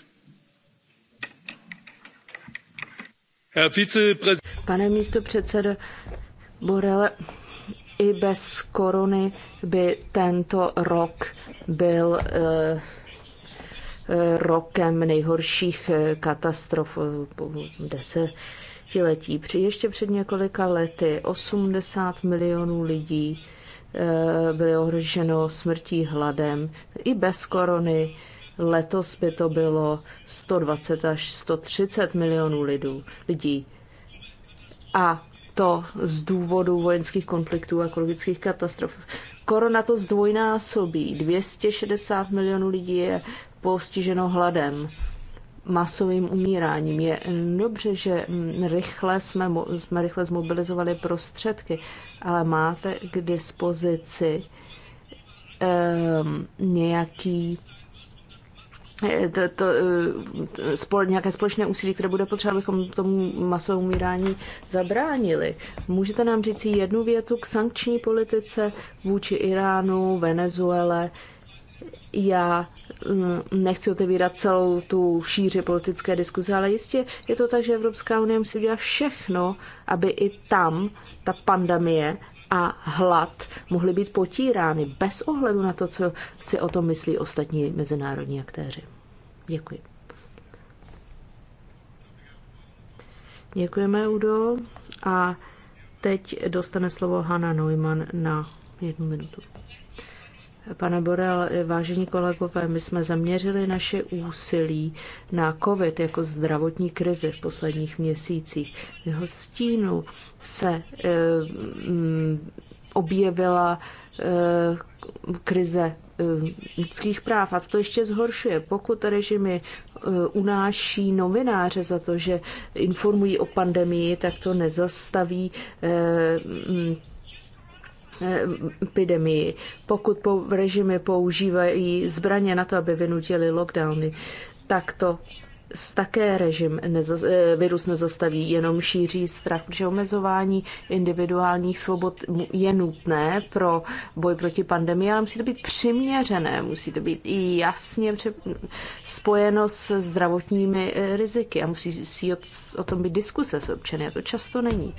S4: Pane místo Borele, i bez koruny by tento rok byl eh, eh rokem nejhorších eh, katastrof eh, desetiletí. Při, ještě před několika lety 80 milionů lidí eh, bylo ohroženo smrtí hladem i bez korony. Eh, Letos by to bylo 120 až 130 milionů lidů, lidí. A to z důvodu vojenských konfliktů a ekologických katastrof. Korona to zdvojnásobí. 260 milionů lidí je postiženo hladem, masovým umíráním. Je dobře, že mm, rychle jsme, jsme rychle zmobilizovali prostředky, ale máte k dispozici um, nějaký to, to, eh, spole, nějaké společné úsilí, které bude potřeba, abychom tomu masovému umírání zabránili. Můžete nám říct jednu větu k sankční politice vůči Iránu, Venezuele? Já hm, nechci otevírat celou tu šíři politické diskuze, ale jistě je to tak, že Evropská unie musí udělat všechno, aby i tam ta pandemie a hlad mohly být potírány bez ohledu na to, co si o tom myslí ostatní mezinárodní aktéři. Děkuji. Děkujeme, Udo. A teď dostane slovo Hanna Neumann na jednu minutu. Pane Borel, vážení kolegové, my jsme zaměřili naše úsilí na COVID jako zdravotní krizi v posledních měsících. V jeho stínu se e, m, objevila Eh, krize eh, lidských práv. A to ještě zhoršuje, pokud režimy eh, unáší novináře za to, že informují o pandemii, tak to nezastaví mm, epidemii. Pokud režimy používají zbraně na to, aby vynutili lockdowny, tak to také režim nezas, eh, virus nezastaví, jenom šíří strach, protože omezování individuálních svobod je nutné pro boj proti pandemii, ale musí to být přiměřené, musí to být i jasně spojeno s zdravotními eh, riziky a musí si o, o tom být diskuse s občany a to často není.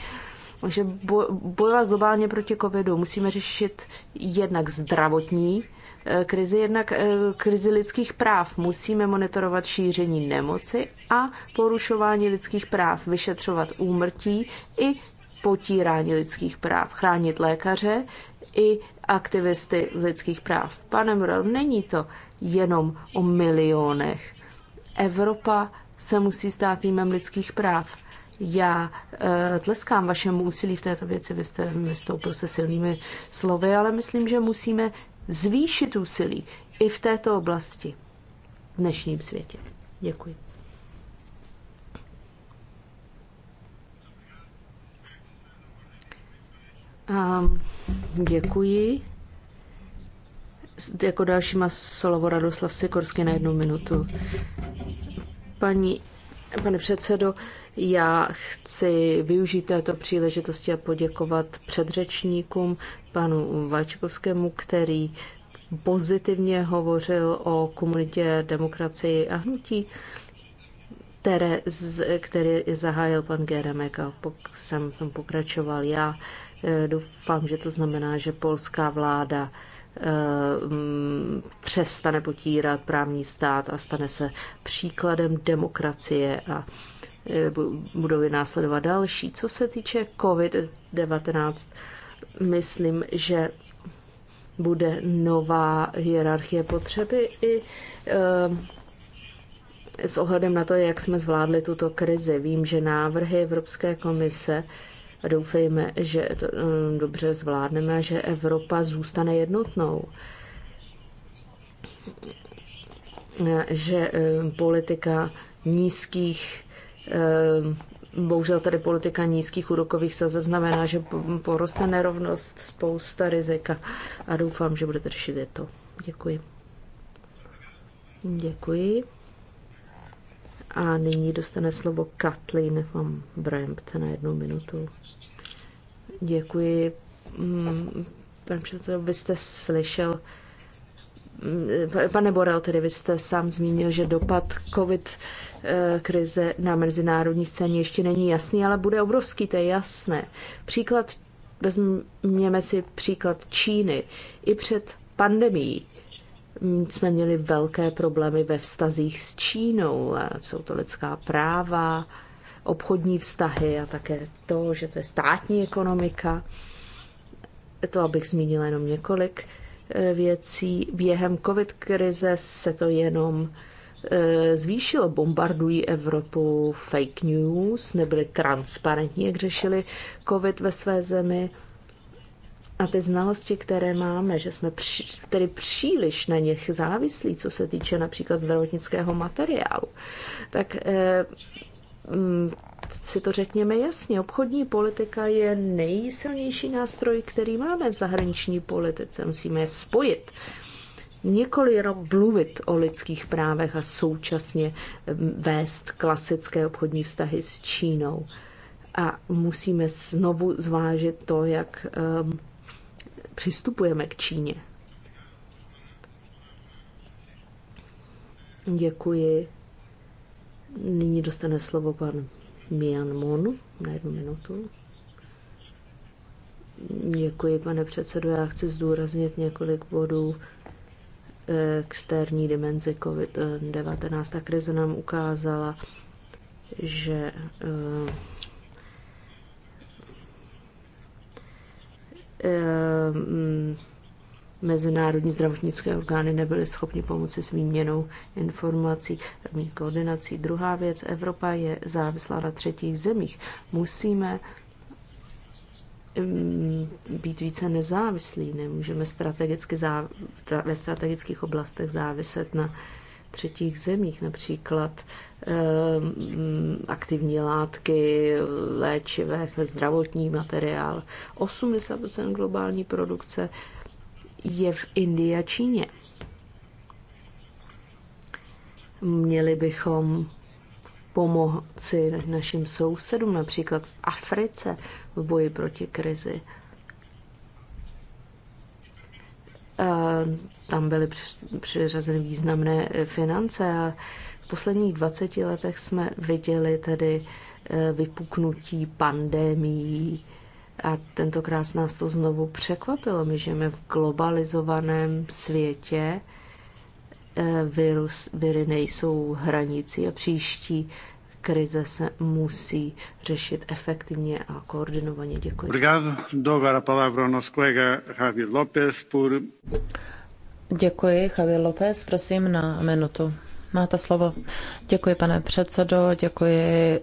S4: Takže bojovat globálně proti covidu musíme řešit jednak zdravotní Eh, krizi, jednak eh, krizi lidských práv. Musíme monitorovat šíření nemoci a porušování lidských práv, vyšetřovat úmrtí i potírání lidských práv, chránit lékaře i aktivisty lidských práv. Pane Mrel, není to jenom o milionech. Evropa se musí stát týmem lidských práv. Já eh, tleskám vašemu úsilí v této věci, vy jste vystoupil se silnými slovy, ale myslím, že musíme zvýšit úsilí i v této oblasti v dnešním světě. Děkuji. A děkuji. Jako další má slovo Radoslav Sikorsky na jednu minutu. Paní, pane předsedo, já chci využít této příležitosti a poděkovat předřečníkům, panu Vačkovskému, který pozitivně hovořil o komunitě demokracii a hnutí, které, který zahájil pan Geremek a pok- jsem v tom pokračoval já. Eh, doufám, že to znamená, že polská vláda eh, mm, přestane potírat právní stát a stane se příkladem demokracie a Eh, budou je následovat další. Co se týče COVID-19, myslím, že bude nová hierarchie potřeby i eh, s ohledem na to, jak jsme zvládli tuto krizi. Vím, že návrhy Evropské komise a doufejme, že to eh, dobře zvládneme a že Evropa zůstane jednotnou. Že politika nízkých Eh, bohužel tady politika nízkých úrokových sazeb znamená, že poroste nerovnost, spousta rizika a doufám, že budete řešit je to. Děkuji. Děkuji. A nyní dostane slovo Katlin van Brempt na jednu minutu. Děkuji. Mm, pane předsedo, byste slyšel Pane Borel, tedy vy jste sám zmínil, že dopad COVID eh, krize na mezinárodní scéně ještě není jasný, ale bude obrovský, to je jasné. Příklad, vezměme si příklad Číny. I před pandemií jsme měli velké problémy ve vztazích s Čínou. Jsou to lidská práva, obchodní vztahy a také to, že to je státní ekonomika. To abych zmínila jenom několik Eh, věcí. Během covid krize se to jenom eh, zvýšilo. Bombardují Evropu fake news, nebyly transparentní, jak řešili covid ve své zemi. A ty znalosti, které máme, že jsme při, tedy příliš na nich závislí, co se týče například zdravotnického materiálu, tak eh, mm, si to řekněme jasně, obchodní politika je nejsilnější nástroj, který máme v zahraniční politice. Musíme je spojit. Nikoli jenom mluvit o lidských právech a současně vést klasické obchodní vztahy s Čínou. A musíme znovu zvážit to, jak um, přistupujeme k Číně. Děkuji. Nyní dostane slovo pan Mon. na jednu minutu. Děkuji, pane předsedo. Já chci zdůraznit několik bodů eh, externí dimenzi COVID-19. Ta krize nám ukázala, že eh, eh, mezinárodní zdravotnické orgány nebyly schopny pomoci s výměnou informací, koordinací. Druhá věc, Evropa je závislá na třetích zemích. Musíme mm, být více nezávislí, nemůžeme strategicky zá, ve strategických oblastech záviset na třetích zemích, například ehm, aktivní látky, léčivé, zdravotní materiál. 80 globální produkce je v Indii a Číně. Měli bychom pomoci našim sousedům, například v Africe, v boji proti krizi. Tam byly přiřazeny významné e, finance a v posledních 20 letech jsme viděli tedy e, vypuknutí pandémií, a tentokrát nás to znovu překvapilo. My žijeme v globalizovaném světě, eh, virus, viry nejsou hranicí a příští krize se musí řešit efektivně a koordinovaně. Děkuji. Děkuji, Javier López, prosím
S2: na minutu. Máte slovo. Děkuji, pane předsedo, děkuji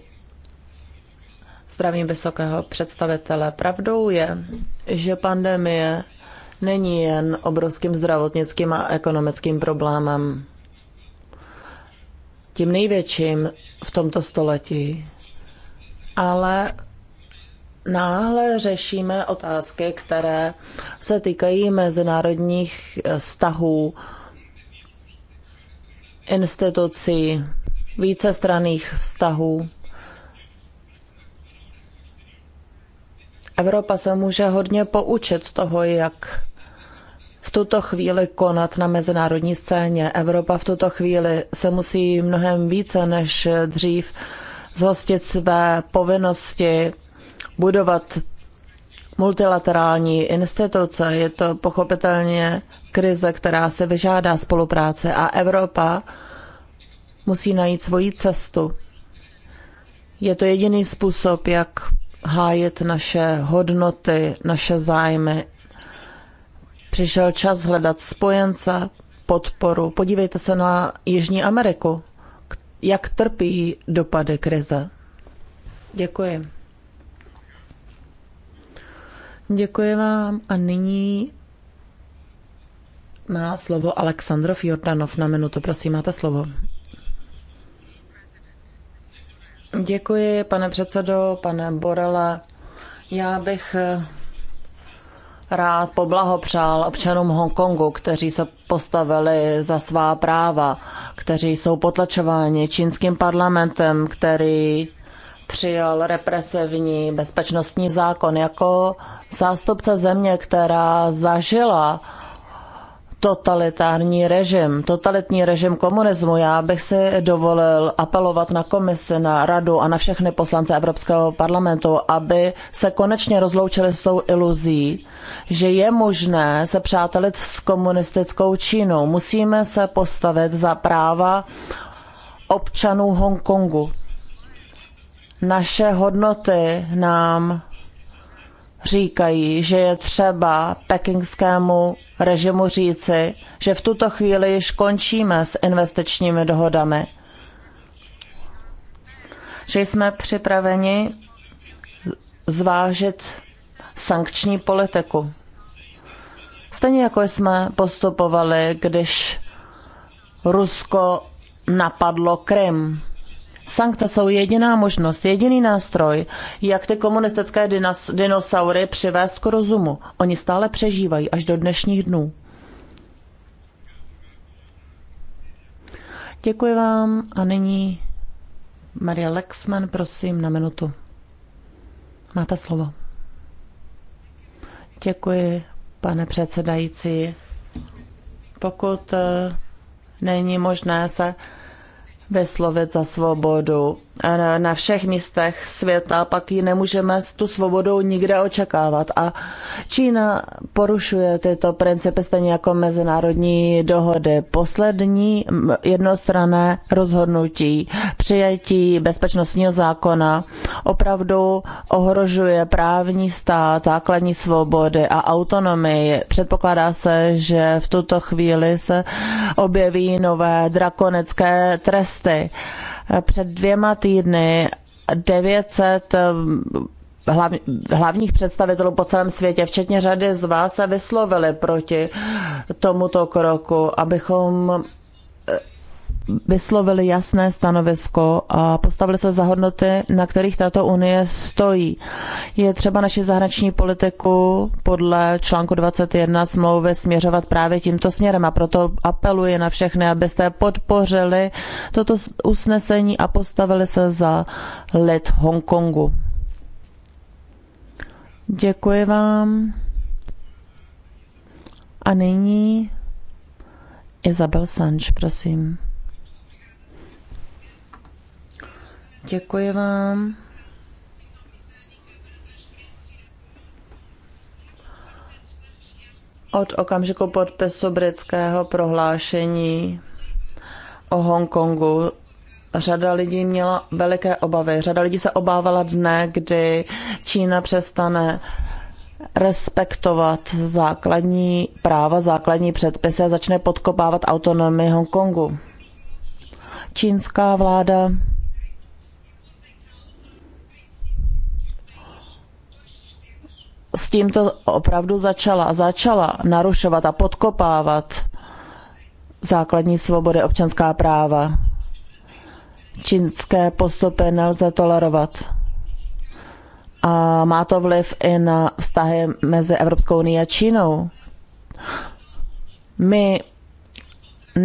S2: Zdravím vysokého představitele. Pravdou je, že pandemie není jen obrovským zdravotnickým a ekonomickým problémem. Tím největším v tomto století. Ale náhle řešíme otázky, které se týkají mezinárodních vztahů, institucí, vícestranných vztahů. Evropa se může hodně poučit z toho, jak v tuto chvíli konat na mezinárodní scéně. Evropa v tuto chvíli se musí mnohem více než dřív zhostit své povinnosti budovat multilaterální instituce. Je to pochopitelně krize, která se vyžádá spolupráce a Evropa musí najít svoji cestu. Je to jediný způsob, jak hájit naše hodnoty, naše zájmy. Přišel čas hledat spojence, podporu. Podívejte se na Jižní Ameriku, jak trpí dopady krize. Děkuji. Děkuji vám a nyní má slovo Aleksandrov Jordanov na minutu. Prosím, máte slovo. Děkuji, pane předsedo, pane Borele. Já bych eh, rád poblahopřál občanům Hongkongu, kteří se postavili za svá práva, kteří jsou potlačováni čínským parlamentem, který přijal represivní bezpečnostní zákon. Jako zástupce země, která zažila totalitární režim, totalitní režim komunismu. Já bych si dovolil apelovat na komisi, na radu a na všechny poslance Evropského parlamentu, aby se konečně rozloučili s tou iluzí, že je možné se přátelit s komunistickou Čínou. Musíme se postavit za práva občanů Hongkongu. Naše hodnoty nám říkají, že je třeba pekingskému režimu říci, že v tuto chvíli již končíme s investičními dohodami. Že jsme připraveni zvážit sankční politiku. Stejně jako jsme postupovali, když Rusko napadlo Krym. Sankce jsou jediná možnost, jediný nástroj, jak ty komunistické dinos, dinosaury přivést k rozumu. Oni stále přežívají až do dnešních dnů. Děkuji vám a nyní Maria Lexman, prosím, na minutu. Máte slovo. Děkuji, pane předsedající. Pokud eh, není možné se vyslovit za svobodu na všech místech světa, pak ji nemůžeme s tu svobodou nikde očekávat. A Čína porušuje tyto principy stejně jako mezinárodní dohody. Poslední jednostrané rozhodnutí přijetí bezpečnostního zákona opravdu ohrožuje právní stát, základní svobody a autonomii. Předpokládá se, že v tuto chvíli se objeví nové drakonické tresty. Před dvěma týdny 900 eh, hlavních představitelů po celém světě, včetně řady z vás, se vyslovili proti tomuto kroku, abychom vyslovili jasné stanovisko a postavili se za hodnoty, na kterých tato unie stojí. Je třeba naši zahraniční politiku podle článku 21 smlouvy směřovat právě tímto směrem a proto apeluji na všechny, abyste podpořili toto usnesení a postavili se za lid Hongkongu. Děkuji vám. A nyní Isabel Sanch, prosím. Děkuji vám. Od okamžiku podpisu britského prohlášení o Hongkongu řada lidí měla veliké obavy. Řada lidí se obávala dne, kdy Čína přestane respektovat základní práva, základní předpisy a začne podkopávat autonomii Hongkongu. Čínská vláda s tímto opravdu začala a začala narušovat a podkopávat základní svobody občanská práva. Čínské postupy nelze tolerovat. A má to vliv i na vztahy mezi Evropskou unii a Čínou. My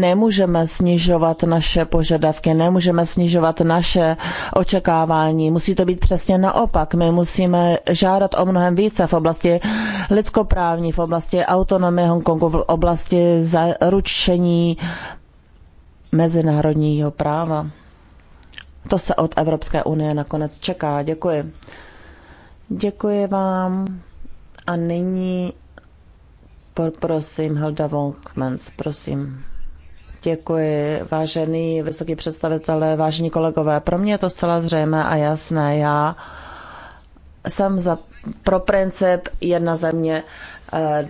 S2: nemůžeme snižovat naše požadavky, nemůžeme snižovat naše očekávání. Musí to být přesně naopak. My musíme žádat o mnohem více v oblasti lidskoprávní, v oblasti autonomie Hongkongu, v oblasti zaručení mezinárodního práva. To se od Evropské unie nakonec čeká. Děkuji. Děkuji vám. A nyní poprosím Helda Volkmans, prosím. Děkuji, vážený vysoký představitelé, vážení kolegové. Pro mě je to zcela zřejmé a jasné. Já jsem za, pro princip jedna země, eh,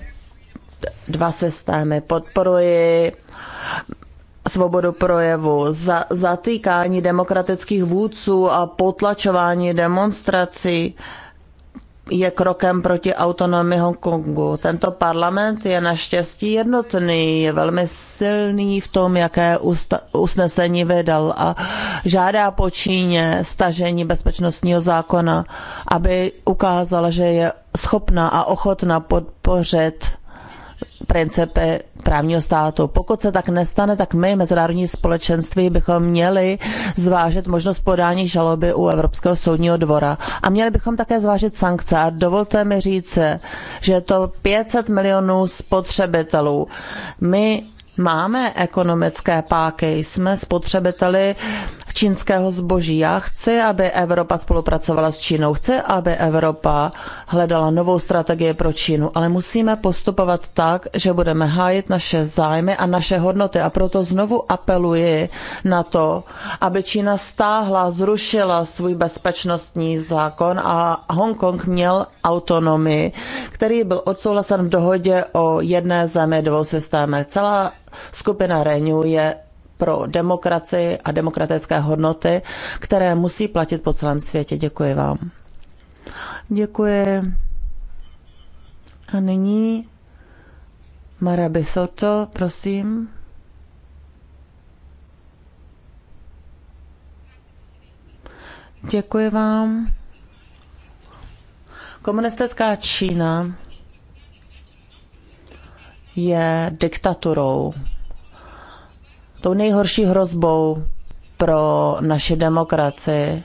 S2: dva systémy. Podporuji svobodu projevu, za, zatýkání demokratických vůdců a potlačování demonstrací je krokem proti autonomii Hongkongu. Tento parlament je naštěstí jednotný, je velmi silný v tom, jaké usnesení vydal a žádá po Číně stažení bezpečnostního zákona, aby ukázala, že je schopná a ochotná podpořit principy právního státu. Pokud se tak nestane, tak my, mezinárodní společenství, bychom měli zvážit možnost podání žaloby u Evropského soudního dvora. A měli bychom také zvážit sankce. A dovolte mi říct, že je to 500 milionů spotřebitelů. My máme ekonomické páky, jsme spotřebiteli čínského zboží. Já chci, aby Evropa spolupracovala s Čínou, chci, aby Evropa hledala novou strategii pro Čínu, ale musíme postupovat tak, že budeme hájit naše zájmy a naše hodnoty. A proto znovu apeluji na to, aby Čína stáhla, zrušila svůj bezpečnostní zákon a Hongkong měl autonomii, který byl odsouhlasen v dohodě o jedné zemi, dvou systémech. Celá skupina Renew je pro demokracii a demokratické hodnoty, které musí platit po celém světě. Děkuji vám. Děkuji. A nyní Mara Bisoto, prosím. Děkuji vám. Komunistická Čína je diktaturou tou nejhorší hrozbou pro naši demokracii.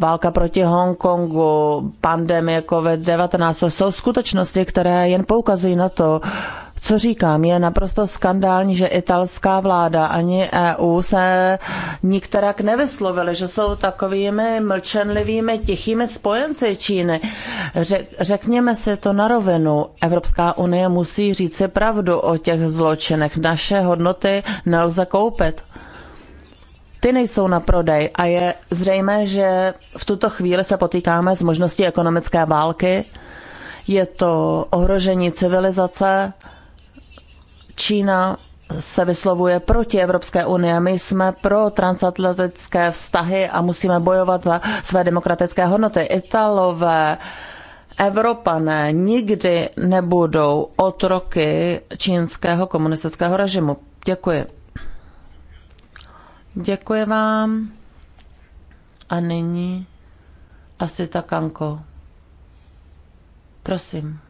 S2: Válka proti Hongkongu, pandemie COVID-19, to jsou skutečnosti, které jen poukazují na to, co říkám, je naprosto skandální, že italská vláda ani EU se nikterak nevyslovili, že jsou takovými mlčenlivými, tichými spojenci Číny. Řekněme si to na rovinu. Evropská unie musí říci pravdu o těch zločinech. Naše hodnoty nelze koupit ty nejsou na prodej a je zřejmé, že v tuto chvíli se potýkáme s možností ekonomické války. Je to ohrožení civilizace, Čína se vyslovuje proti Evropské unii. My jsme pro transatlantické vztahy a musíme bojovat za své demokratické hodnoty. Italové, Evropané nikdy nebudou otroky čínského komunistického režimu. Děkuji. Děkuji vám. A nyní asi takanko. Prosím.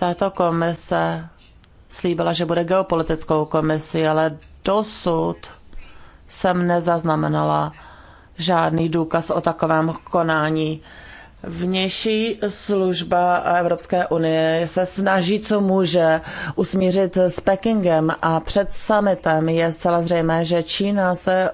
S2: Tato komise slíbila, že bude geopolitickou komisi, ale dosud jsem nezaznamenala žádný důkaz o takovém konání. Vnější služba Evropské unie se snaží, co může, usmířit s Pekingem a před summitem je zcela zřejmé, že Čína se